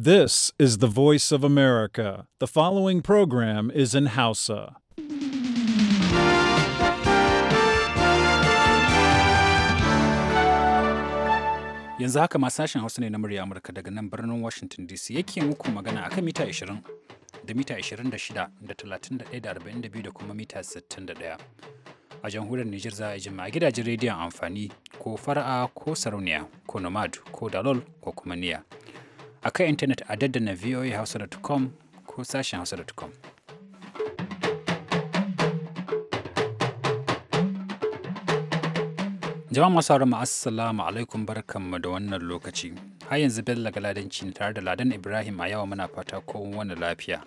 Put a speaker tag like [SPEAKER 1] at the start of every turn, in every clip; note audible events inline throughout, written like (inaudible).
[SPEAKER 1] This is the voice of America. The following program is in Hausa. Yanzu haka ma sashen Hausa ne na murya Amurka daga nan birnin Washington DC yake muku magana akan mita 20 da mita 26 da 31 da 42 da kuma mita 61. a jamhuriyar Nijar za a jima gidajen rediyon amfani ko fara'a ko sarauniya ko nomad ko dalol ko kuma niya. a kan intanet a daddana voahausa.com ko sashen hausa.com. jama'a masu haramu assalamu alaikum barkanmu da wannan lokaci har yanzu bello galadanci tare da ladan ibrahim a yawa muna fata ko kowane lafiya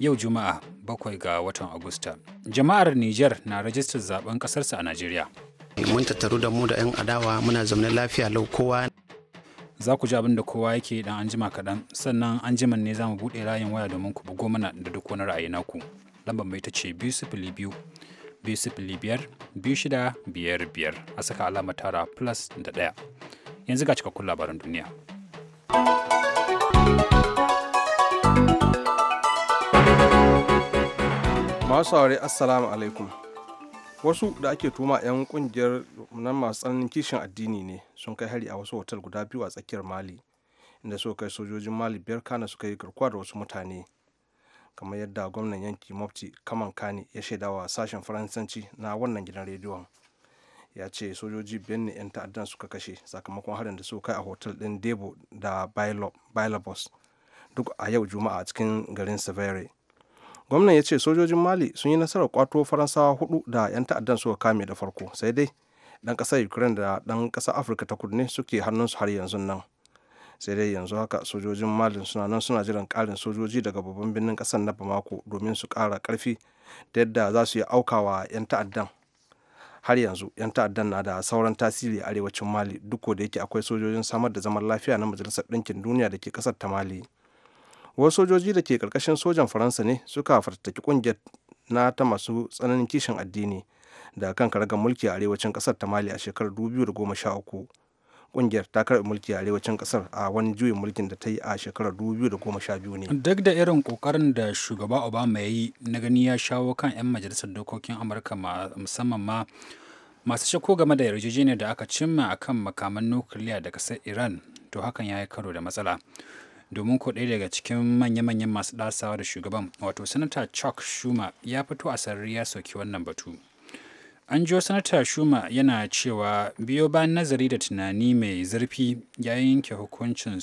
[SPEAKER 1] yau juma'a bakwai ga watan agusta jama'ar nijar na rajistar zaben kasarsa a najeriya mun tattaru da mu da 'yan adawa muna zaune lafiya lau kowa za ku ji abin da kowa yake dan anjima kaɗan sannan anjiman ne za mu buɗe layin waya domin ku bugo mana da duk wani ra'ayi naku lambar mai ta ce biyu sifili biyu biyu sifili biyar biyu shida biyar biyar a saka alama tara plus da ɗaya yanzu ga cikakkun labaran duniya
[SPEAKER 2] masu saurari assalamu alaikum wasu da ake tuma 'yan kungiyar nan masu tsananin kishin addini ne sun kai hari a wasu hotel guda biyu a tsakiyar mali inda suka kai sojojin mali biyar kana suka yi garkuwa da wasu mutane kamar yadda gwamnan yanki mafti kaman kani ya shaida wa sashen faransanci na wannan gidan rediyon ya ce sojoji biyar ne 'yan ta'addan suka kashe sakamakon harin da suka kai a hotel ɗin debo da bailabos duk a yau juma'a cikin garin severe gwamnan ya ce sojojin mali sun yi nasarar kwato faransawa hudu da 'yan ta'addan suka kame da farko sai dai dan ƙasa ukraine da ɗan kasar afirka ta kudu ne suke hannunsu har yanzu nan sai dai yanzu haka sojojin mali suna nan suna jiran karin sojoji daga babban birnin kasar na bamako domin su kara karfi da yadda za su yi aukawa 'yan ta'addan har yanzu 'yan ta'addan na da sauran tasiri a arewacin mali duk da yake akwai sojojin samar da zaman lafiya na majalisar ɗinkin duniya da ke kasar ta mali wasu sojoji da ke karkashin sojan faransa ne suka fartaki kungiyar na ta masu tsananin kishin addini da kan karagar mulki a arewacin kasar ta mali a shekarar 2013 kungiyar ta karɓi mulki a arewacin kasar a wani juyin mulkin da ta yi a shekarar 2012 ne
[SPEAKER 1] duk da irin kokarin da shugaba obama ya yi na gani ya shawo kan 'yan majalisar dokokin amurka musamman ma masu shakku game da yarjejeniyar da aka cimma akan makaman nukiliya daga sai iran to hakan ya yi karo da matsala domin ko ɗaya daga cikin manya-manyan masu ɗasawa da shugaban wato sanata chuck schumer ya fito a sarari ya sauki wannan batu an jiyo sanata schumer yana cewa biyo bayan nazari da tunani mai zurfi ya yanke hukuncin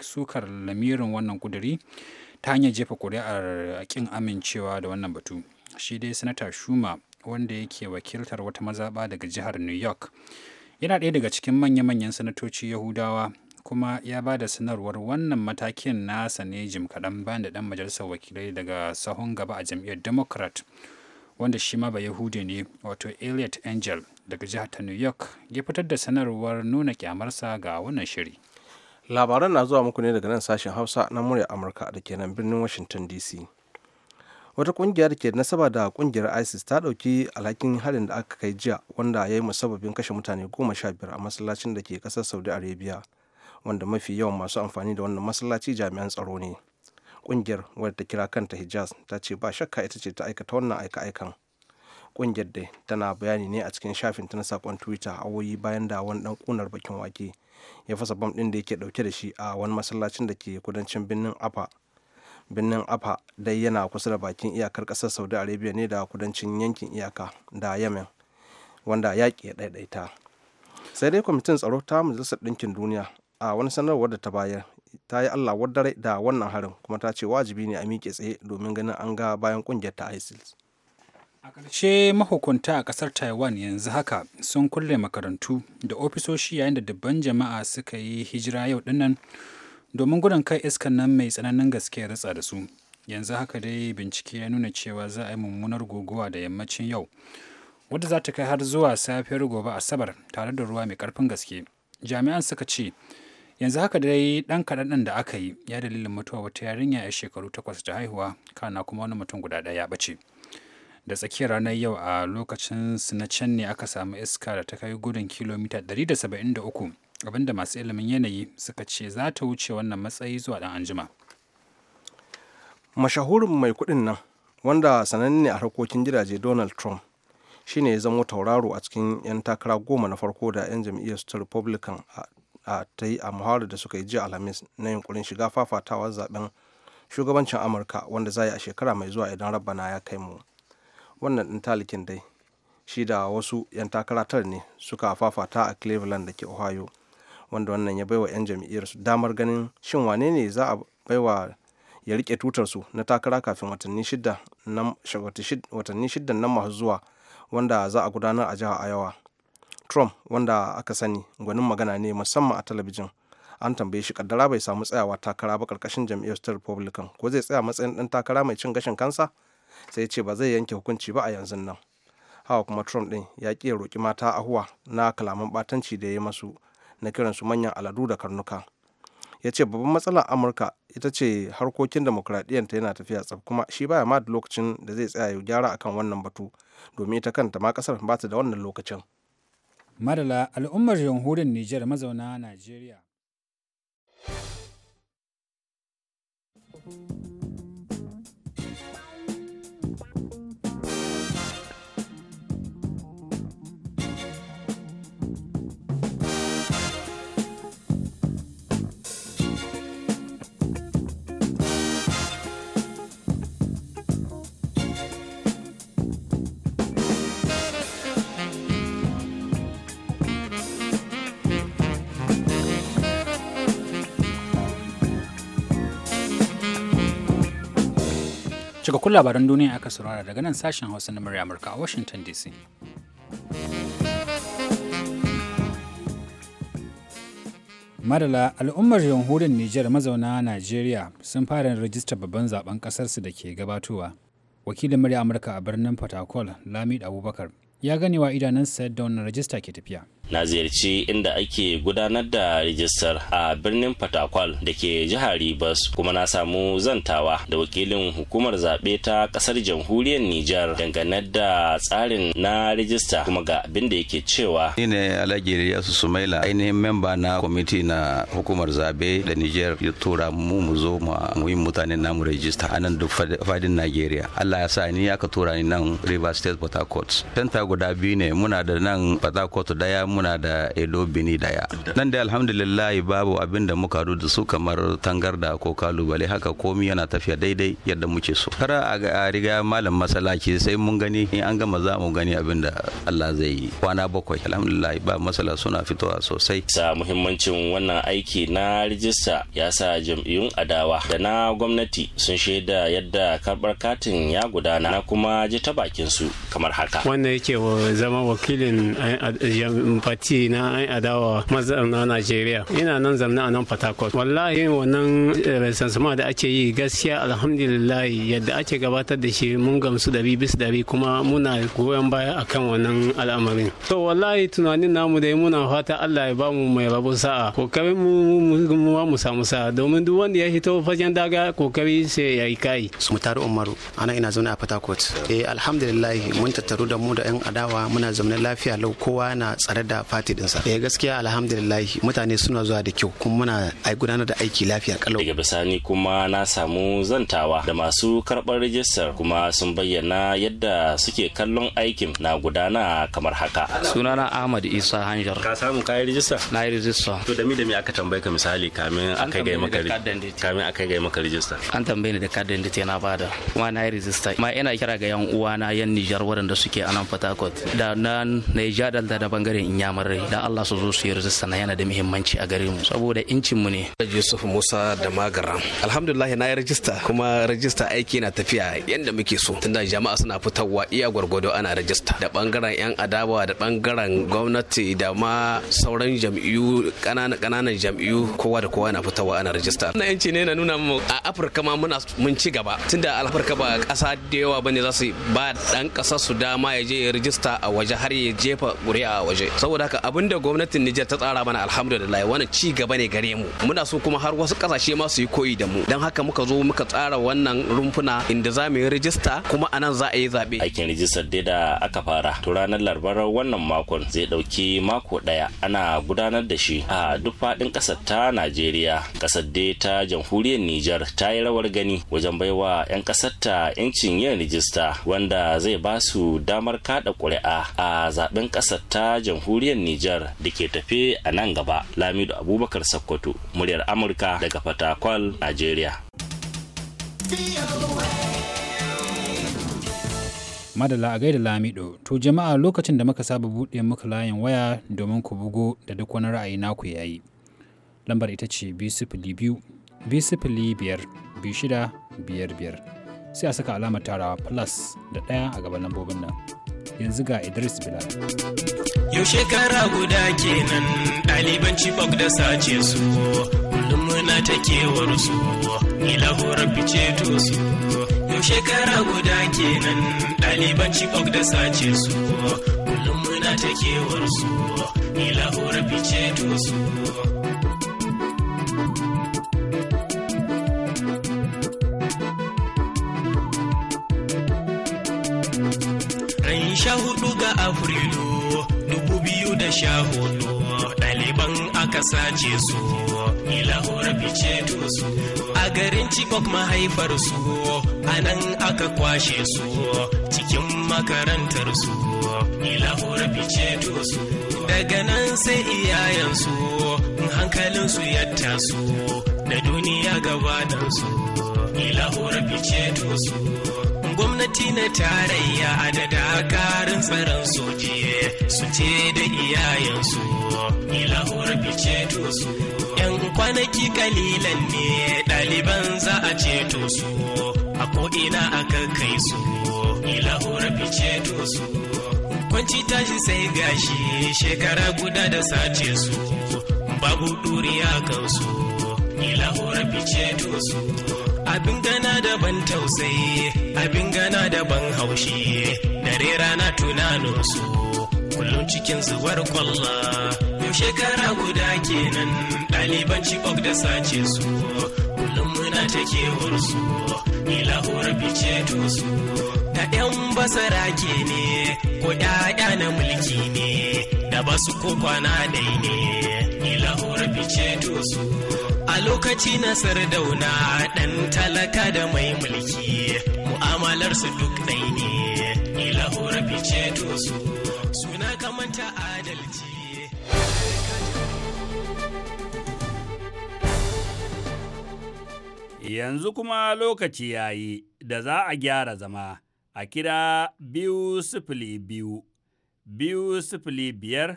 [SPEAKER 1] sukar lamirin wannan kuduri ta hanyar jefa kuri'ar kin amincewa da wannan batu shi dai sanata schumer wanda yake wakiltar wata mazaɓa daga jihar new york yana ɗaya daga cikin manya-manyan sanatoci yahudawa kuma ya ba da sanarwar wannan matakin nasa ne jim kaɗan bayan da ɗan majalisar wakilai daga sahun gaba a jam'iyyar democrat wanda shi ma ba yahudi ne wato elliot angel daga jihar ta new york ya fitar da sanarwar nuna kyamarsa ga wannan shiri
[SPEAKER 2] labaran na zuwa muku ne daga nan sashen hausa na murya amurka da kenan birnin washington dc wata kungiya da ke nasaba da kungiyar isis ta dauki alhakin harin da aka kai jiya wanda ya yi musababin kashe mutane goma sha biyar a masallacin da ke kasar saudi arabia wanda mafi yawan masu amfani da wannan masallaci jami'an tsaro ne ƙungiyar wadda ta kira kanta hijaz ta ce ba shakka ita ce ta aikata wannan aika-aikan ƙungiyar da tana bayani ne a cikin shafin ta na sakon twitter awoyi bayan da wani dan kunar bakin wake ya fasa bam ɗin da yake ɗauke da shi a wani masallacin da ke kudancin birnin afa birnin afa dai yana kusa da bakin iyakar kasar saudi arabia ne da kudancin yankin iyaka da yemen wanda yaƙi ya ɗaiɗaita sai dai kwamitin tsaro ta majalisar ɗinkin duniya a wani sanarwar da ta bayar ta yi allah wadare da wannan harin kuma ta ce wajibi ne a miƙe tsaye domin ganin an ga bayan kungiyar ta isis a ƙarshe mahukunta a ƙasar taiwan yanzu haka sun kulle
[SPEAKER 1] makarantu da ofisoshi yayin da dubban jama'a suka yi hijira yau dinnan domin gudun kai iskan nan mai tsananin gaske ratsa da su yanzu haka dai bincike ya nuna cewa za a yi mummunar guguwa da yammacin yau wadda za ta kai har zuwa safiyar gobe asabar tare da ruwa mai karfin gaske jami'an suka ce yanzu haka dai ɗan kaɗan da aka yi ya dalilin mutuwa wata yarinya ya shekaru takwas da haihuwa kana kuma wani mutum guda ɗaya ya ɓace da tsakiyar ranar yau a lokacin su na can ne aka samu iska da ta kai gudun kilomita 173 abinda masu ilimin yanayi suka ce za ta wuce wannan matsayi zuwa dan anjima
[SPEAKER 2] mashahurin mai kuɗin nan wanda sananne a harkokin gidaje donald trump shine ya zamo tauraro a cikin 'yan takara goma na farko da 'yan jam'iyyar republican a a ta yi a muhawarar da suka yi jiya alhamis na yunkurin shiga fafatawa zaben shugabancin amurka wanda za yi a shekara mai zuwa idan rabana ya kai mu wannan ɗin talikin dai shi da wasu 'yan takara tar ne suka fafata a cleveland da ke ohio wanda wannan ya baiwa 'yan jam'iyyar su damar ganin shin wane ne za a baiwa ya rike tutar su na takara kafin watanni shidda nan masu zuwa wanda za a gudanar a jihar Iowa trump wanda aka sani gwanin magana ne musamman a talabijin an tambaye shi kaddara bai samu tsayawa takara ba karkashin jam'iyyar ta republican ko zai tsaya matsayin dan takara mai cin gashin kansa sai ce ba zai yanke hukunci ba a yanzu nan hawa kuma trump din ya ki ya roki mata ahuwa na kalaman batanci da ya masu na kiran su manyan aladu da karnuka ya ce babban matsalar amurka ita ce harkokin ta yana tafiya tsaf kuma shi baya ma da lokacin da zai tsaya ya gyara akan wannan batu domin ita kanta ma kasar ba ta da wannan lokacin Madala al'ummar jamhurin Nijar mazauna Najeriya.
[SPEAKER 1] Cikakkun labaran duniya aka saurara daga nan sashen Hausa na murya Amurka a Washington DC. Madala al'ummar jamhuriyar Nijar mazauna Najeriya sun fara rajista babban zaben kasarsu da ke gabatowa. Wakilin murya Amurka a birnin harcourt Lamid Abubakar ya ganewa idanunsa da wannan rajista ke tafiya.
[SPEAKER 3] na ziyarci inda ake gudanar da rijistar a birnin fatakwal da ke jihar ribas kuma na samu zantawa da wakilin hukumar zaɓe ta ƙasar jamhuriyar nijar dangane da tsarin na rijista kuma ga abin da yake cewa ni ne alhaji Riyasu sumaila ainihin memba na kwamiti na hukumar zaɓe da nijar ya tura mu mu zo mu yi mutanen namu rijista a nan duk fadin najeriya allah ya sa ni aka tura ni nan rivers state port harcourt senta guda biyu ne muna da nan port harcourt daya muna muna da edo bini daya nan da alhamdulillah babu abin da muka da su kamar tangarda ko kalubale haka komi yana tafiya daidai yadda muke so kara a riga malam masalaci sai mun gani in an gama za mu gani abin da Allah zai yi kwana bakwai alhamdulillah ba masala suna fitowa sosai sa muhimmancin wannan aiki na rijista ya sa jam'iyyun adawa da na gwamnati sun shaida yadda karbar katin ya gudana na kuma ji ta bakin su kamar haka
[SPEAKER 4] wannan yake zama wakilin eh, fati na an adawa mazauna Najeriya ina nan zamna a nan Port wallahi wannan eh, resansama da ake yi gaskiya alhamdulillah yadda ake gabatar da shi mun gamsu da bi dari da bi kuma muna goyon baya akan wannan al'amarin to wallahi tunanin namu dai muna fata Allah ya bamu mai rabo sa'a kokarin mu mu samu sa'a domin duk wanda ya hito fajen daga kokari sai ya yi kai su umaru ana ina zaune a Port eh alhamdulillah mun tattaru da mu da yan adawa muna zaune lafiya lau kowa na tsare da fati dinsa eh gaskiya alhamdulillah mutane suna zuwa da kyau kuma muna ai gudanar da aiki lafiya kalau
[SPEAKER 3] daga bisani kuma na samu zantawa da masu karɓar rijistar kuma sun bayyana yadda suke kallon aikin na gudana kamar haka sunana ahmad isa hanjar ka samu kayan rijista na yi rijista to da mi da mi aka tambaye ka misali kamin aka ga maka kamin aka ga maka rijista an tambaye ni da kadin da na bada kuma na yi rijista ma ina kira ga yan uwana yan Nijar waɗanda suke a nan Port da nan Niger da da bangaren rai da Allah su zo su yi na yana da muhimmanci a gare mu saboda incin mu ne Yusuf Musa da
[SPEAKER 4] Magaran alhamdulillah na yi rajista kuma rajista aiki na tafiya yanda muke so tunda jama'a suna fitowa iya gwargwado ana rajista da bangaren yan adawa da bangaren gwamnati da ma sauran jam'iyyu kanana kananan jam'iyyu kowa da kowa na fitowa ana rajista na yanci ne na nuna mu a Afirka ma muna mun ci gaba tunda Afirka ba kasa da yawa bane za su ba dan kasa su dama ya je ya rajista a waje har ya jefa ƙuri'a a waje saboda haka abin da gwamnatin Nijar ta tsara mana alhamdulillah wannan ci gaba ne gare mu muna so kuma har wasu kasashe ma su yi
[SPEAKER 3] koyi da mu dan haka muka zo muka tsara wannan rumfuna inda za mu yi rijista kuma anan za a yi zaɓe. Aikin rijistar dai da aka fara to ranar larabar wannan makon zai ɗauki mako ɗaya ana gudanar da shi a duk faɗin ƙasar ta Najeriya ƙasar dai ta jamhuriyar Nijar ta yi rawar gani wajen baiwa 'yan ƙasar ta 'yancin yin rijista wanda zai ba su damar kada kuri'a. a zaben ƙasar ta jamhuriyar jamhuriyar Nijar da ke tafe a nan gaba. Lamido Abubakar Sakkwato, muryar Amurka daga Fatakwal, Najeriya.
[SPEAKER 1] madala a gaida Lamido, to jama'a lokacin da muka saba buɗe muka layin waya domin ku bugo da duk wani ra'ayi naku yayi. Lambar ita ce biyar biyar biyar sai a saka alamar tarawa plus da ɗaya a gaban lambobin nan. yanzu ga idris bilal yau
[SPEAKER 4] shekara guda kenan ɗaliban chibok da sace su kullum muna ta kewar su ni lahorar fice to su yau shekara guda kenan ɗaliban chibok da sace su kullum muna ta kewar su ni lahorar fice to su afrilu dubu biyu da sha hudu ɗaliban aka sace su ilahor fice su a garin chibok mahaifar su a nan aka kwashe su cikin makarantar su ilahor fice su daga nan sai iyayensu hankalinsu ya taso da duniya gabatarsu ilahor fice su gwamnati na tarayya da dakarun tsaron sojiye su ce da iyayensu ilahuwar bice su yan kwanaki kalilan ne ɗaliban za a ceto su a ko'ina aka kai su ilahuwar bice su kwanci tashi sai gashi shekara guda da sace su babu ɗuriya kansu ilahuwar bice su abin gana da ban tausayi abin gana da ban haushi dare rana tunano su kullum cikin zuwar kwalla yau shekara guda kenan ɗaliban cibok da sace su kullum muna ta kewar su ilahuwar bice su da 'yan basara ke ne ko 'ya'ya na mulki ne da ba su ko kwana dai ne fice dosu a lokaci na sardauna ɗan talaka da mai mulki mu'amalar su duk ɗai ne ilahura fice dosu suna kamanta adalci
[SPEAKER 3] Yanzu kuma lokaci yayi da za a gyara zama a kira biyu sifili biyu biyu sifili biyar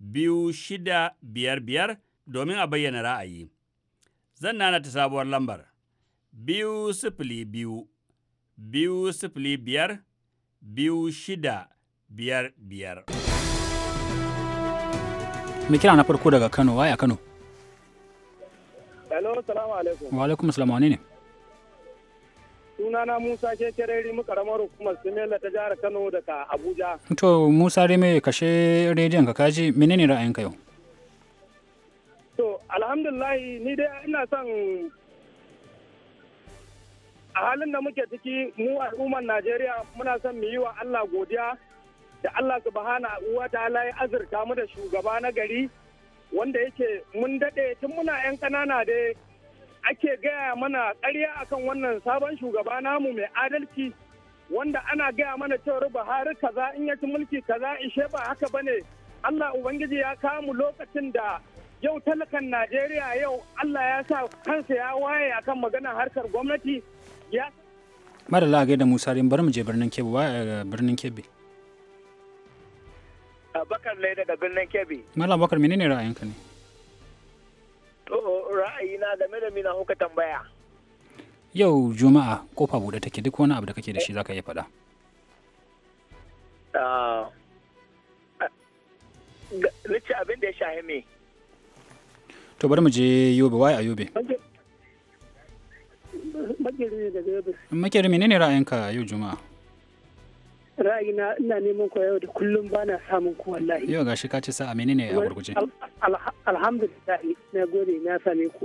[SPEAKER 3] biyu shida biyar biyar domin a bayyana ra'ayi. Zan nana ta sabuwar lambar biyu sifili biyu biyu sifili biyar biyu shida biyar biyar.
[SPEAKER 1] Mai kira na farko daga Kano, waya Kano.
[SPEAKER 3] Hello, salamu alaikum.
[SPEAKER 1] Wa alaikum, salamu ne.
[SPEAKER 5] sunana Musa Kekere mu karamar hukumar Simela ta jihar Kano daga Abuja.
[SPEAKER 1] To Musa Rime kashe rediyon ka kaji menene ka yau?
[SPEAKER 5] To alhamdulillah ni dai ina son a halin da muke ciki mu al'ummar Najeriya muna son mu yi wa Allah godiya da Allah subhanahu wa ta'ala ya azurta mu da shugaba na gari wanda yake mun dade tun muna 'yan ƙanana dai ake gaya mana ƙarya akan wannan sabon shugaba namu mai adalci wanda ana gaya mana cewar Buhari kaza in ya ci mulki kaza ishe ba haka ba ne Allah Ubangiji ya kamu lokacin da yau talakan Najeriya yau Allah ya sa kansa ya waye akan magana harkar gwamnati ya
[SPEAKER 1] lagai da Musa Rin bar mu je birnin Kebbi wa eh, birnin Kebbi
[SPEAKER 4] Abakar ne daga birnin Kebbi
[SPEAKER 1] Mallam Bakar menene ra'ayinka ne
[SPEAKER 4] To ra'ayina game da mina kuka tambaya.
[SPEAKER 1] Yau Juma'a kofa buɗe take duk wani abu da kake da shi zaka iya faɗa.
[SPEAKER 5] Ah, nace abin da ya shahi me.
[SPEAKER 1] To bari mu je Yobe, waye a Yobe? Makeri ne ne ra'ayinka yau Juma'a?
[SPEAKER 5] ra'ayina ina neman ku yau da kullum ba na samun ku wallahi yau
[SPEAKER 1] gashi ka ce sa'a menene a gurguje
[SPEAKER 5] alhamdulillah na gode na same ku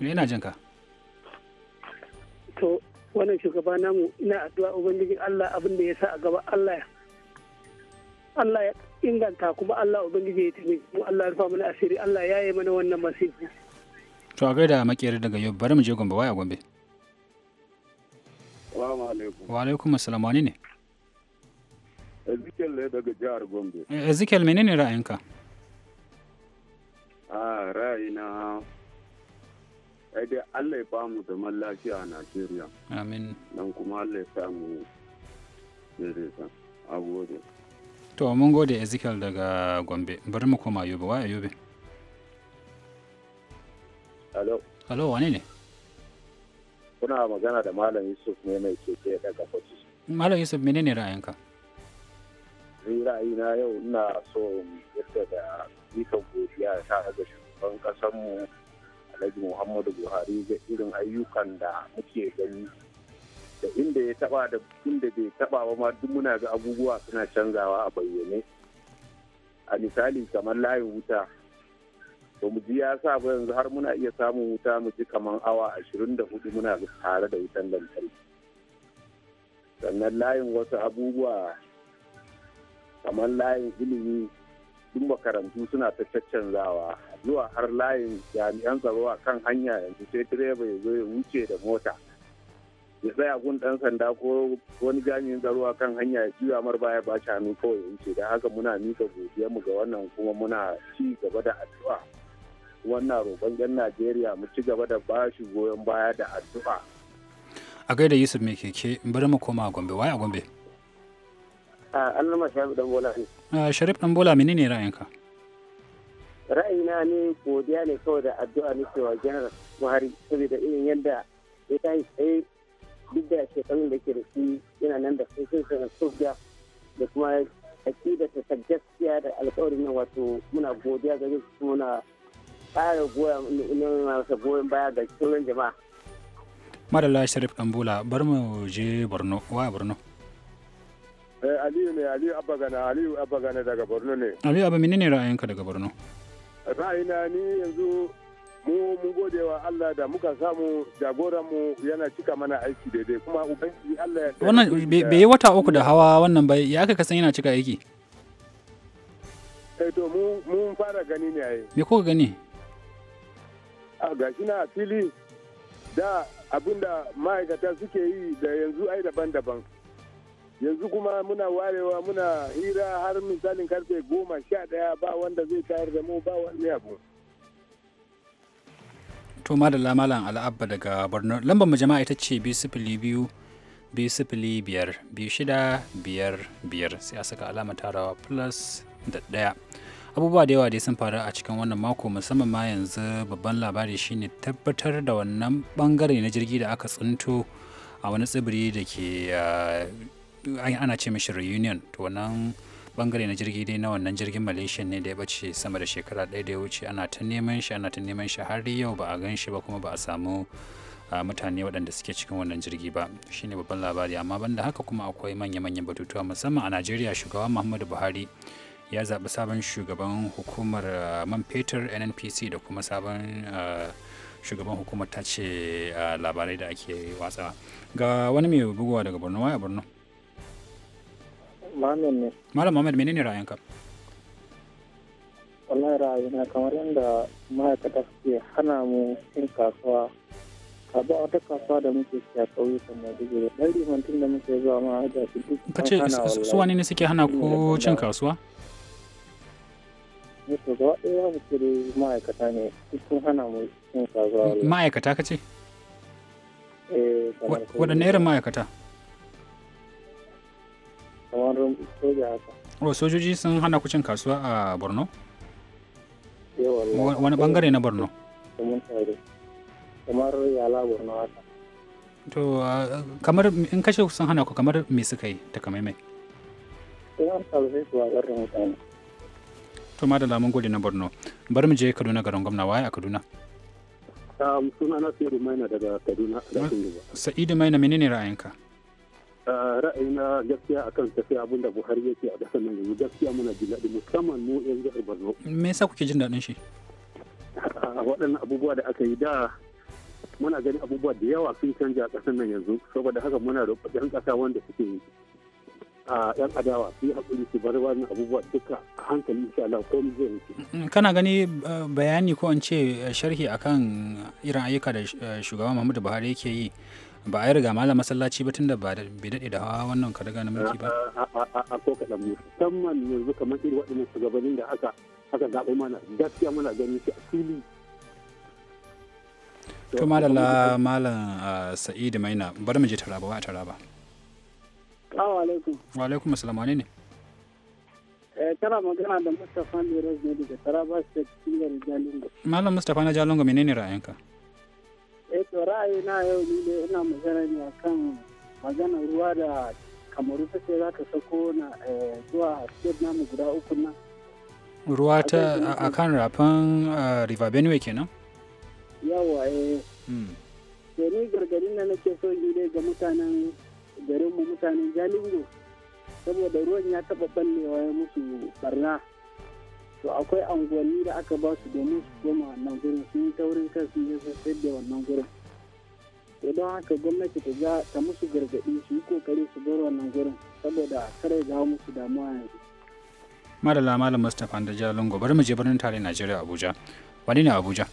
[SPEAKER 5] me ina jinka? to wannan shugaba namu ina addu'a ubangijin Allah abin da ya sa a gaba Allah Allah ya inganta kuma Allah ubangiji ya tafi mu Allah ya rufa mana asiri Allah ya yi mana wannan masifi.
[SPEAKER 1] to a gaida makiyar daga yau bari mu je Gombe waya Gombe alaikum. Wa alaikum assalam wani ne?
[SPEAKER 5] Ezekiel ne daga jihar Gombe. Eh,
[SPEAKER 1] Ezekiel menene ra'ayinka?
[SPEAKER 5] A ra'ayina na. dai Allah ya bamu zaman lafiya a Najeriya. Amin. Nan kuma Allah ya samu daidaita. A gode.
[SPEAKER 1] To mun gode Ezekiel daga Gombe. Bari mu koma Yobe. Wa Yobe? Halo. Hello wane ne?
[SPEAKER 5] kuna magana da malam yusuf ne mai keke daga kafaci
[SPEAKER 1] malam yusuf menene ra'ayinka
[SPEAKER 5] ra'ayina yau ina so yadda da ikon godiya ta ga shugaban kasanmu alhaji muhammadu buhari ga irin ayyukan da muke gani da inda ya taba da inda bai taba ba ma duk muna ga abubuwa suna canzawa a bayyane a misali kamar layin wuta to mu ji ya sa ba yanzu har muna iya samun wuta mu ji kamar awa ashirin da hudu muna tare da wutan lantarki sannan layin wasu abubuwa kamar layin ilimi duk makarantu suna ta zawa zuwa har layin jami'an tsaro a kan hanya yanzu sai direba ya zo ya wuce da mota ya tsaya gun dan sanda ko wani jami'in tsaro a kan hanya ya juya mar baya ba shi hannu kawai ya wuce da haka muna mika godiyarmu ga wannan kuma muna ci gaba da addu'a wannan roƙon 'yan najeriya mu ci gaba da ba shi goyon baya da addu'a
[SPEAKER 1] a gaida yusuf mai keke bari mu koma a gombe waye a gombe
[SPEAKER 5] annama sharif dan bola
[SPEAKER 1] ne sharif dan bola ne ra'ayinka
[SPEAKER 5] ra'ayina ne godiya ne kawai da addu'a ne cewa janar buhari saboda irin yadda ya yi tsaye duk da shekarun da ke da shi yana nan da sun sun soja da kuma aki da ta gaskiya da alkawarin nan wato muna godiya ga su muna ƙara masa goyon baya ga sauran jama'a.
[SPEAKER 1] Madalla Sharif Ɗanbola bar mu je Borno wa Borno.
[SPEAKER 5] Eh, Aliyu ne Aliyu Abagana Aliyu Abagana daga Borno ne.
[SPEAKER 1] Aliyu Abba menene ra'ayinka daga Borno?
[SPEAKER 5] Ra'ayina ni yanzu mu mun gode wa Allah da muka samu jagoranmu yana cika mana aiki daidai kuma ubangiji Allah ya Wannan
[SPEAKER 1] bai yi wata uku da hawa wannan bai ya aka kasan yana cika aiki?
[SPEAKER 5] Eh to mun fara gani ne ai. Me kuka gani? a gashina a fili da abinda ma'aikata suke yi da yanzu ai daban-daban yanzu kuma muna warewa muna hira har misalin karfe goma sha daya ba wanda zai tayar da mu ba wani abu
[SPEAKER 1] to madalla malam al'abba daga borno lambar mu jama'a ita ce biyu sifili biyu biyu sifili biyar biyu shida biyar biyar sai a saka alamar tarawa plus da daya. abubuwa da yawa dai sun faru a cikin wannan mako musamman ma yanzu babban labari shine tabbatar da wannan bangare na jirgi da aka tsinto a wani tsibiri da ke eh, ana ce mishi reunion to wannan bangare na jirgi dai na wannan jirgin malaysia ne da ya bace sama da shekara ɗaya da ya wuce ana ta neman shi ana ta neman shi har yau ba a gan shi ba kuma ba a samu eh, mutane waɗanda suke cikin wannan jirgi ba shine babban labari amma banda haka kuma akwai manya-manyan batutuwa musamman a najeriya shugaban muhammadu buhari ya zaɓi sabon shugaban hukumar uh, man fetur nnpc da kuma sabon uh, shugaban hukumar ta ce uh, labarai da ake watsawa ga wani mai bugowa daga borno waya borno malam mohamed menene ra'ayinka
[SPEAKER 5] wallahi ra'ayina kamar yadda ma'aikata suke hana mu yin kasuwa a ba wata kasuwa da muke siya ƙauyukan maiduguri ɗan limantin da muke zuwa ma a duk ka ce su wani
[SPEAKER 1] ne suke hana ku cin kasuwa
[SPEAKER 5] to gaba ɗaya babu kiri ma'aikata ne sun hana mu yin kasuwa
[SPEAKER 1] ma'aikata ka ce
[SPEAKER 5] eh, waɗanne irin ma'aikata kamar soja haka
[SPEAKER 1] o oh, sojoji sun hana ku cin kasuwa a borno
[SPEAKER 5] eh, wani
[SPEAKER 1] bangare na borno
[SPEAKER 5] kamar yala borno haka
[SPEAKER 1] to kamar in kashe sun hana ku kamar me suka yi ta kamai
[SPEAKER 5] sun harsa su a ƙarfin mutane
[SPEAKER 1] to ma da lamun gode na borno bari mu je kaduna garin gwamna waye a kaduna
[SPEAKER 5] um, sunana sa'idu maina daga kaduna
[SPEAKER 1] sa'idu maina menene ra'ayinka
[SPEAKER 5] uh, ra'ayina gaskiya akan tafiya abin da buhari yake a ƙasar nan yanzu gaskiya muna jin daɗi musamman mu yan jihar borno
[SPEAKER 1] me yasa kuke jin daɗin shi
[SPEAKER 5] uh, waɗannan abubuwa da aka yi da muna ganin abubuwa da yawa sun canja a ƙasar nan yanzu saboda haka muna da ƙasa wanda suke a yan adawa su yi hakuri su bar wani abubuwa duka a hankali insha Allah
[SPEAKER 1] komai zai wuce mm, kana gani eh, bayani ko an ce eh, sharhi akan irin ayyuka da eh, shugaban Muhammadu Buhari yake yi ba a yi riga malam masallaci ba tun da ba bai daɗe da hawa wannan kadaga na mulki ba a ko kaɗan
[SPEAKER 5] musamman yanzu kamar irin waɗannan shugabannin da aka aka zaɓo mana gaskiya muna ganin shi a fili
[SPEAKER 1] to malala malam sa'idu maina bari mu je taraba ba a taraba Assalamu alaikum. Wa alaikum assalam wane ne?
[SPEAKER 5] tana eh, magana da Mustapha Liros ne daga Taraba State Kingar Jalingo.
[SPEAKER 1] Malam Mustapha na Jalingo menene ra'ayinka?
[SPEAKER 5] Eh to ra'ayi na yau ni ne ina magana ne akan magana ruwa da kamaru ta ce za ta sako na eh, zuwa state namu guda uku na.
[SPEAKER 1] Ruwa ta akan rafin eh, River Benue kenan?
[SPEAKER 5] Yawa eh. Hmm. To ni gargadin na nake so yi dai ga mutanen garinmu mutanen jalingo saboda ruwan ya taɓa ballewa ya musu barna to akwai angwani da aka ba su domin su koma wannan gurin sun yi taurin kan sun je sai da wannan gurin to don haka gwamnati ta ga ta musu gargaɗi su yi kokari su bar wannan gurin saboda kare ga musu damuwa yanzu
[SPEAKER 1] madala malam mustapha da jalingo bari mu je birnin tare najeriya abuja wani ne abuja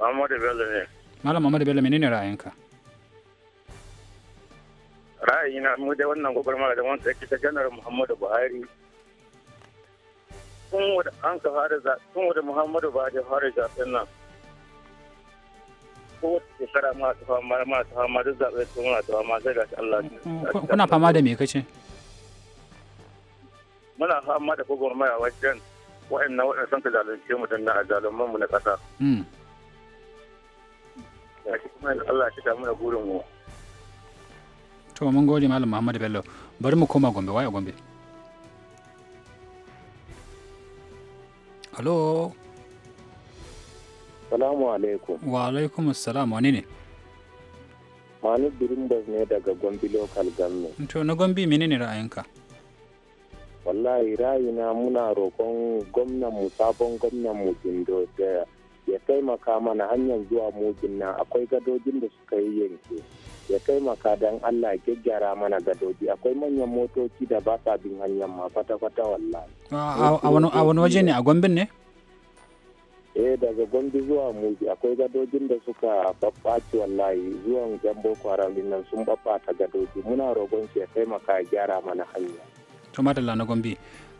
[SPEAKER 5] Muhammadu Bello ne.
[SPEAKER 1] Malam Muhammadu Bello menene ra'ayinka?
[SPEAKER 5] kai na mu da wannan gwagwarmaya da wanda take ta janar muhammadu buhari tun wada an ka fara za tun wada muhammadu buhari ya fara zaɓen nan kowace shekara ma ta fama ma ta fama duk zaɓe sun muna ta fama sai gashi Allah kuna fama da me kace muna fama da gwagwarmaya wajen wa'annan waɗanda sun ka zalunce mu dan na zalunman mu na ƙasa. Hmm. Gashi kuma Allah ya shiga mana burin mu.
[SPEAKER 1] to mun gode malam muhammad bello bari mu koma gombe waye gombe alo
[SPEAKER 5] salamu alaikum
[SPEAKER 1] wa alaikum assalam wani ne
[SPEAKER 5] birin birimbas ne daga gombe local government
[SPEAKER 1] to na gombe menene ra'ayinka
[SPEAKER 5] wallahi ra'ayina muna roƙon gwamnan mu sabon gwamnan mu da ya taimaka mana hanyar zuwa mugin nan akwai gadojin da suka yi yanke ya taimaka don allah gyaggyara mana gadoji akwai manyan motoci da ba sa bin hanyar ma kwata-kwata
[SPEAKER 1] wallahi a wani waje ne a gombin ne
[SPEAKER 5] eh daga gombi zuwa mugi akwai gadojin da suka babbaci wallahi zuwan yan boko haram nan sun babbata gadoji muna rogon shi ya taimaka ya gyara mana hanya
[SPEAKER 1] to madalla na gombi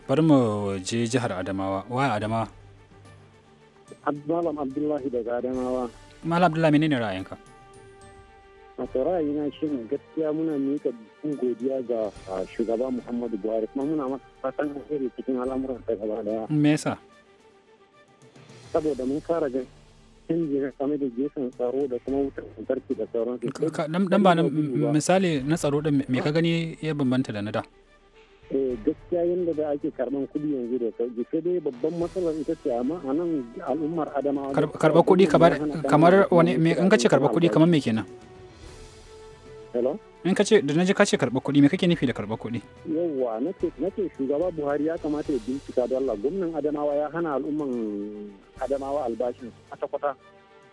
[SPEAKER 1] bari mu je jihar adamawa waya adamawa
[SPEAKER 5] Malam Abdullahi daga Adamawa.
[SPEAKER 1] Malam Abdullahi menene ra'ayinka?
[SPEAKER 5] Wato ra'ayina shi ne gaskiya muna miƙa dukkan godiya ga shugaba Muhammadu Buhari kuma muna masa fatan alheri cikin al'amuran ta gaba daya. Me yasa? Saboda mun fara ga canji na game da gefen tsaro da kuma wutar lantarki da
[SPEAKER 1] sauransu. Dan ba misali na tsaro din me ka gani ya bambanta da na da?
[SPEAKER 5] Eh, gaskiya yadda da ake karɓar kuɗi yanzu da sauƙi sai dai babban matsalar ita ce amma a nan al'ummar adamawa karɓar kuɗi kamar wani me in kace karɓar kuɗi kamar me
[SPEAKER 1] kenan hello in kace da naji kace karɓar kuɗi me kake nufi da karɓar kuɗi
[SPEAKER 5] yawwa na ce shugaba Buhari ya kamata ya bincika da Allah gwamnan Adamawa ya hana al'umman Adamawa albashin kwata kwata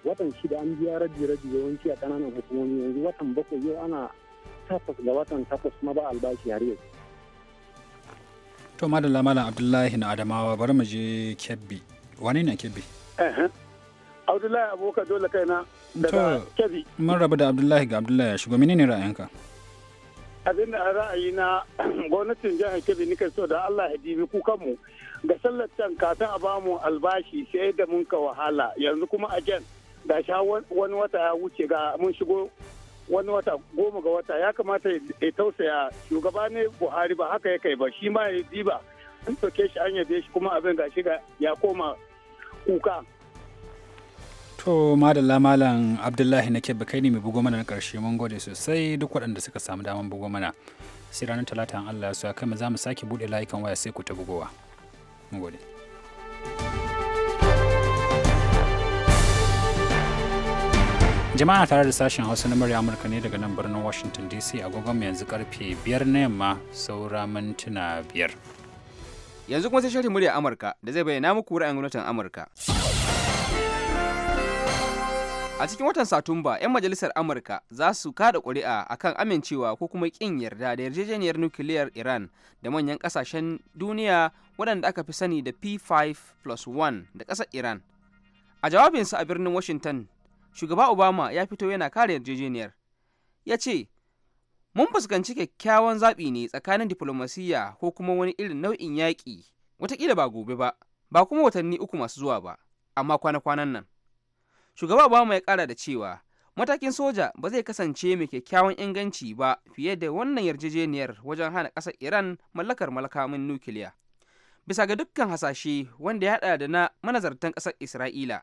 [SPEAKER 5] watan shida an biya rabi rabi yawanci a kananan hukumomi yanzu watan bakwai yau ana takwas ga watan takwas kuma ba albashi har yau
[SPEAKER 1] to madalla malam abdullahi na adamawa bari mu je kebbi wani ne kebbi
[SPEAKER 5] abdullahi abokan dole kaina daga kebbi
[SPEAKER 1] mun rabu da abdullahi ga abdullahi ya shigo menene ra'ayinka
[SPEAKER 5] abin da ra'ayi na (clears throat) gwamnatin jihar kebbi nika so da allah ya dibi kanmu ga sallar can kafin a bamu albashi sai da mun ka wahala yanzu kuma a jan ga sha wani wata ya wuce ga mun shigo wani wata goma ga wata ya kamata ya tausaya shugaba ne buhari ba haka ya kai ba shi ma ya ba an soke shi an yabe shi kuma abin gashi ga ya koma kuka
[SPEAKER 1] to madalla malam abdullahi nake kai ne mai bugo mana na karshe mun gode sosai duk waɗanda suka samu daman bugo mana sai ranar talata an allah ya sa kai mu za mu sake buɗe layukan waya sai ku ta bugowa mun gode jama'a tare da sashen hausa na murya amurka ne daga nan birnin washington dc agogon yanzu karfe biyar na yamma saura mintuna biyar
[SPEAKER 6] yanzu kuma sai shirin murya amurka da zai bayyana muku ra'ayin gwamnatin amurka a cikin watan satumba 'yan majalisar amurka za su kada ƙuri'a akan amincewa ko kuma ƙin yarda da yarjejeniyar nukiliyar iran da manyan kasashen duniya waɗanda aka fi sani da p5 plus da ƙasar iran a jawabinsa a birnin washington shugaba obama ya fito yana kare yarjejeniyar ya ce mun fuskanci kyakkyawan zaɓi ne tsakanin diflomasiyya ko kuma wani irin nau'in yaƙi Wataƙila ba gobe ba ba kuma watanni uku masu zuwa ba amma kwana-kwanan nan shugaba obama ya ƙara da cewa matakin soja ba zai kasance mai kyakkyawan inganci ba fiye da wannan yarjejeniyar wajen hana ƙasar iran mallakar malakamin nukiliya bisa ga dukkan hasashe wanda ya haɗa da na manazartan ƙasar isra'ila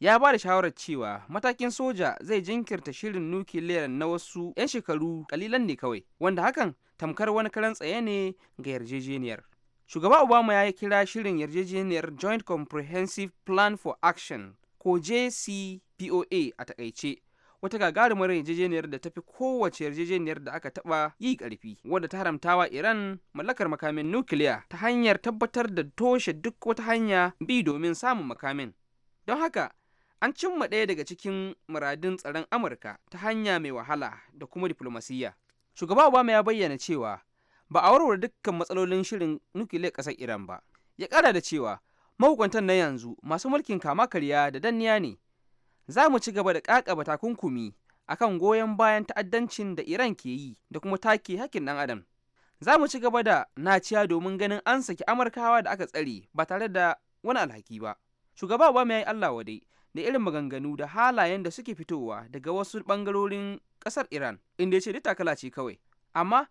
[SPEAKER 6] ya ba da shawarar cewa matakin soja zai jinkirta shirin nukiliyar na wasu 'yan shekaru kalilan ne kawai wanda hakan tamkar wani karan tsaye ne ga yarjejeniyar shugaba obama ya kira shirin yarjejeniyar joint comprehensive plan for action ko jcpoa a takaice wata gagarumar yarjejeniyar da ta fi kowace yarjejeniyar da aka taba yi karfi wadda ta haramtawa iran mallakar makamin nukiliya ta hanyar tabbatar da toshe duk wata hanya bi domin samun makamin don haka an cimma ɗaya daga cikin muradin tsaron amurka ta hanya mai wahala da kuma diflomasiyya shugaba obama ya bayyana cewa ba a warware dukkan matsalolin shirin nukiliyar ƙasar iran ba ya ƙara da cewa mahukuntan na yanzu masu mulkin kama karya da danniya ne za mu ci gaba da ƙaƙaba takunkumi akan goyon bayan ta'addancin da iran ke yi da kuma take hakkin ɗan adam za mu ci gaba da naciya domin ganin an saki amurkawa da aka tsare ba tare da wani alhaki ba shugaba obama ya yi allah wadai da irin maganganu da halayen da suke fitowa daga wasu bangarorin kasar iran inda ya ce takala ce kawai amma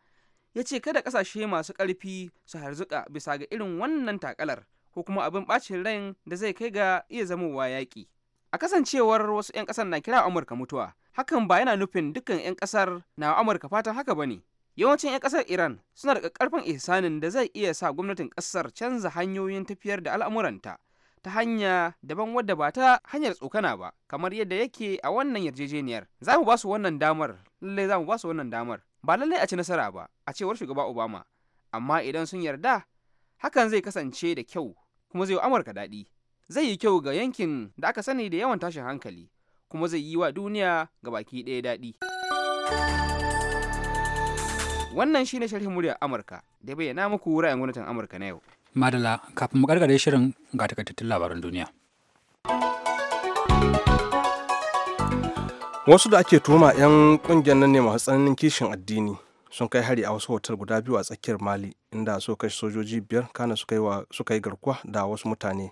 [SPEAKER 6] ya ce kada kasashe masu ƙarfi su harzuka bisa ga irin wannan takalar ko kuma abin bacin ran da zai kai ga iya zamowa yaƙi a kasancewar wasu 'yan ƙasar na kira amurka mutuwa hakan ba yana nufin dukkan 'yan ƙasar na amurka fatan haka ba ne yawancin 'yan ƙasar iran suna da ƙarfin ihsanin da zai iya sa gwamnatin ƙasar canza hanyoyin tafiyar da al'amuranta ta hanya daban wadda ba ta hanyar tsokana ba kamar yadda yake a wannan yarjejeniyar za mu ba su wannan damar lallai za mu ba su wannan damar ba lallai a ci nasara ba a cewar shugaba obama amma idan sun yarda hakan zai kasance da kyau kuma zai yi amurka daɗi zai yi kyau ga yankin da aka sani da yawan tashin hankali kuma zai yi wa duniya ga baki ɗaya daɗi wannan shine sharhin muryar amurka da bayyana muku ra'ayin gwamnatin amurka na yau
[SPEAKER 1] Madala kafin mu karkare shirin ga takaitattun labaran duniya.
[SPEAKER 2] Wasu da ake tuma 'yan kungiyar nan ne masu tsananin kishin addini sun kai hari a wasu hotel guda biyu a tsakiyar Mali inda su kashe sojoji biyar kana suka yi garkuwa da wasu mutane.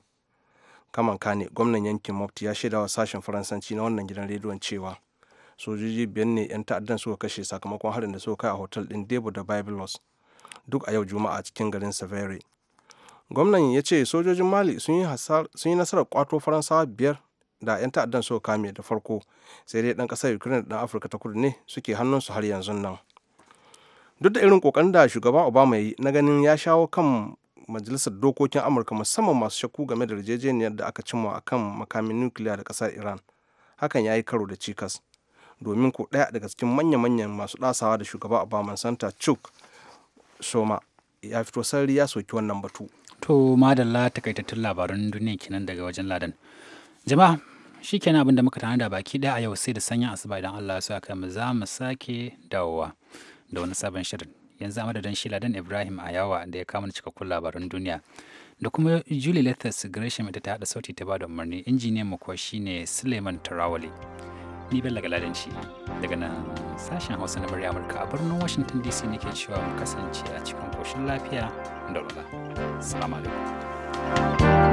[SPEAKER 2] Kaman kane gwamnan yankin Mofti ya shaida wa sashen Faransanci na wannan gidan rediyon cewa sojoji biyar ne 'yan ta'addan suka kashe sakamakon harin da suka kai a hotel din Debo da Biblos duk a yau Juma'a cikin garin Savere gwamnan ya ce sojojin mali sun yi nasarar kwato faransawa biyar da 'yan ta'addan suka kame da farko sai dai ɗan kasar ukraine da dan afirka ta kudu ne suke hannunsu har yanzu nan duk da irin kokarin da shugaba obama ya yi na ganin ya shawo kan majalisar dokokin amurka musamman masu shakku game da rijejeniyar da aka cimma akan makamin nukiliya da kasar iran hakan ya yi karo da cikas domin ko ɗaya daga cikin manya-manyan masu ɗasawa da shugaba obama santa chuk soma ya fito sarari ya soki wannan batu To madalla takaitattun labaran duniya kenan daga wajen ladan. Jama'a shi
[SPEAKER 1] kenan abinda muka tana da baki ɗaya a yau sai da sanyin asuba idan Allah su aka mu za mu sake dawowa da wani sabon shirin. Yanzu a madadin shi ladan Ibrahim Ayawa da ya kama cikakkun labaran duniya. Da kuma Julie Lethas Gresham ita ta hada sauti ta ba da umarni injiniyan mu kuwa shine Suleiman Tarawale. ni Bello shi daga nan sashen Hausa na murya Amurka a birnin Washington DC nake cewa mu kasance a cikin koshin lafiya da walwala. Assalamu alaikum.